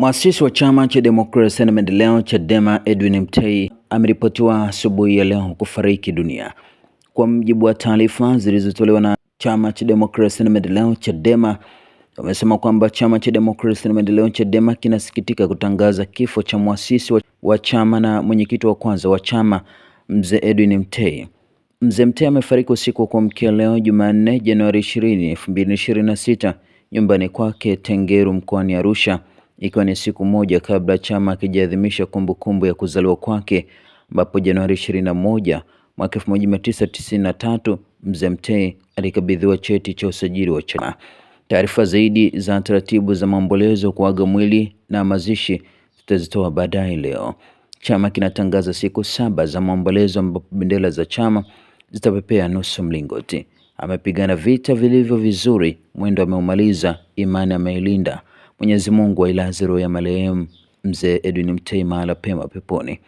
Mwasisi wa chama cha demokrasia na maendeleo Chadema Edwin Mtei ameripotiwa asubuhi ya leo kufariki dunia. Kwa mjibu wa taarifa zilizotolewa na chama cha demokrasia na maendeleo Chadema, wamesema kwamba chama cha demokrasia na maendeleo Chadema kinasikitika kutangaza kifo cha mwasisi wa, wa chama na mwenyekiti wa kwanza wa chama mzee Edwin Mtei. Mzee Mtei amefariki usiku wa kuamkia leo Jumanne, Januari 20, 2026 nyumbani kwake Tengeru mkoani Arusha ikiwa ni siku moja kabla chama akijaadhimisha kumbukumbu ya kuzaliwa kwake, ambapo Januari 21 mwaka 1993 Mzee Mtei alikabidhiwa cheti cha usajili wa chama. Taarifa zaidi za taratibu za maombolezo, kuaga mwili na mazishi tutazitoa baadaye leo. Chama kinatangaza siku saba za maombolezo, ambapo bendera za chama zitapepea nusu mlingoti. Amepigana vita vilivyo vizuri, mwendo ameumaliza, imani ameilinda. Mwenyezi Mungu ailaze roho ya marehemu mzee Edwin Mtei mahala pema peponi.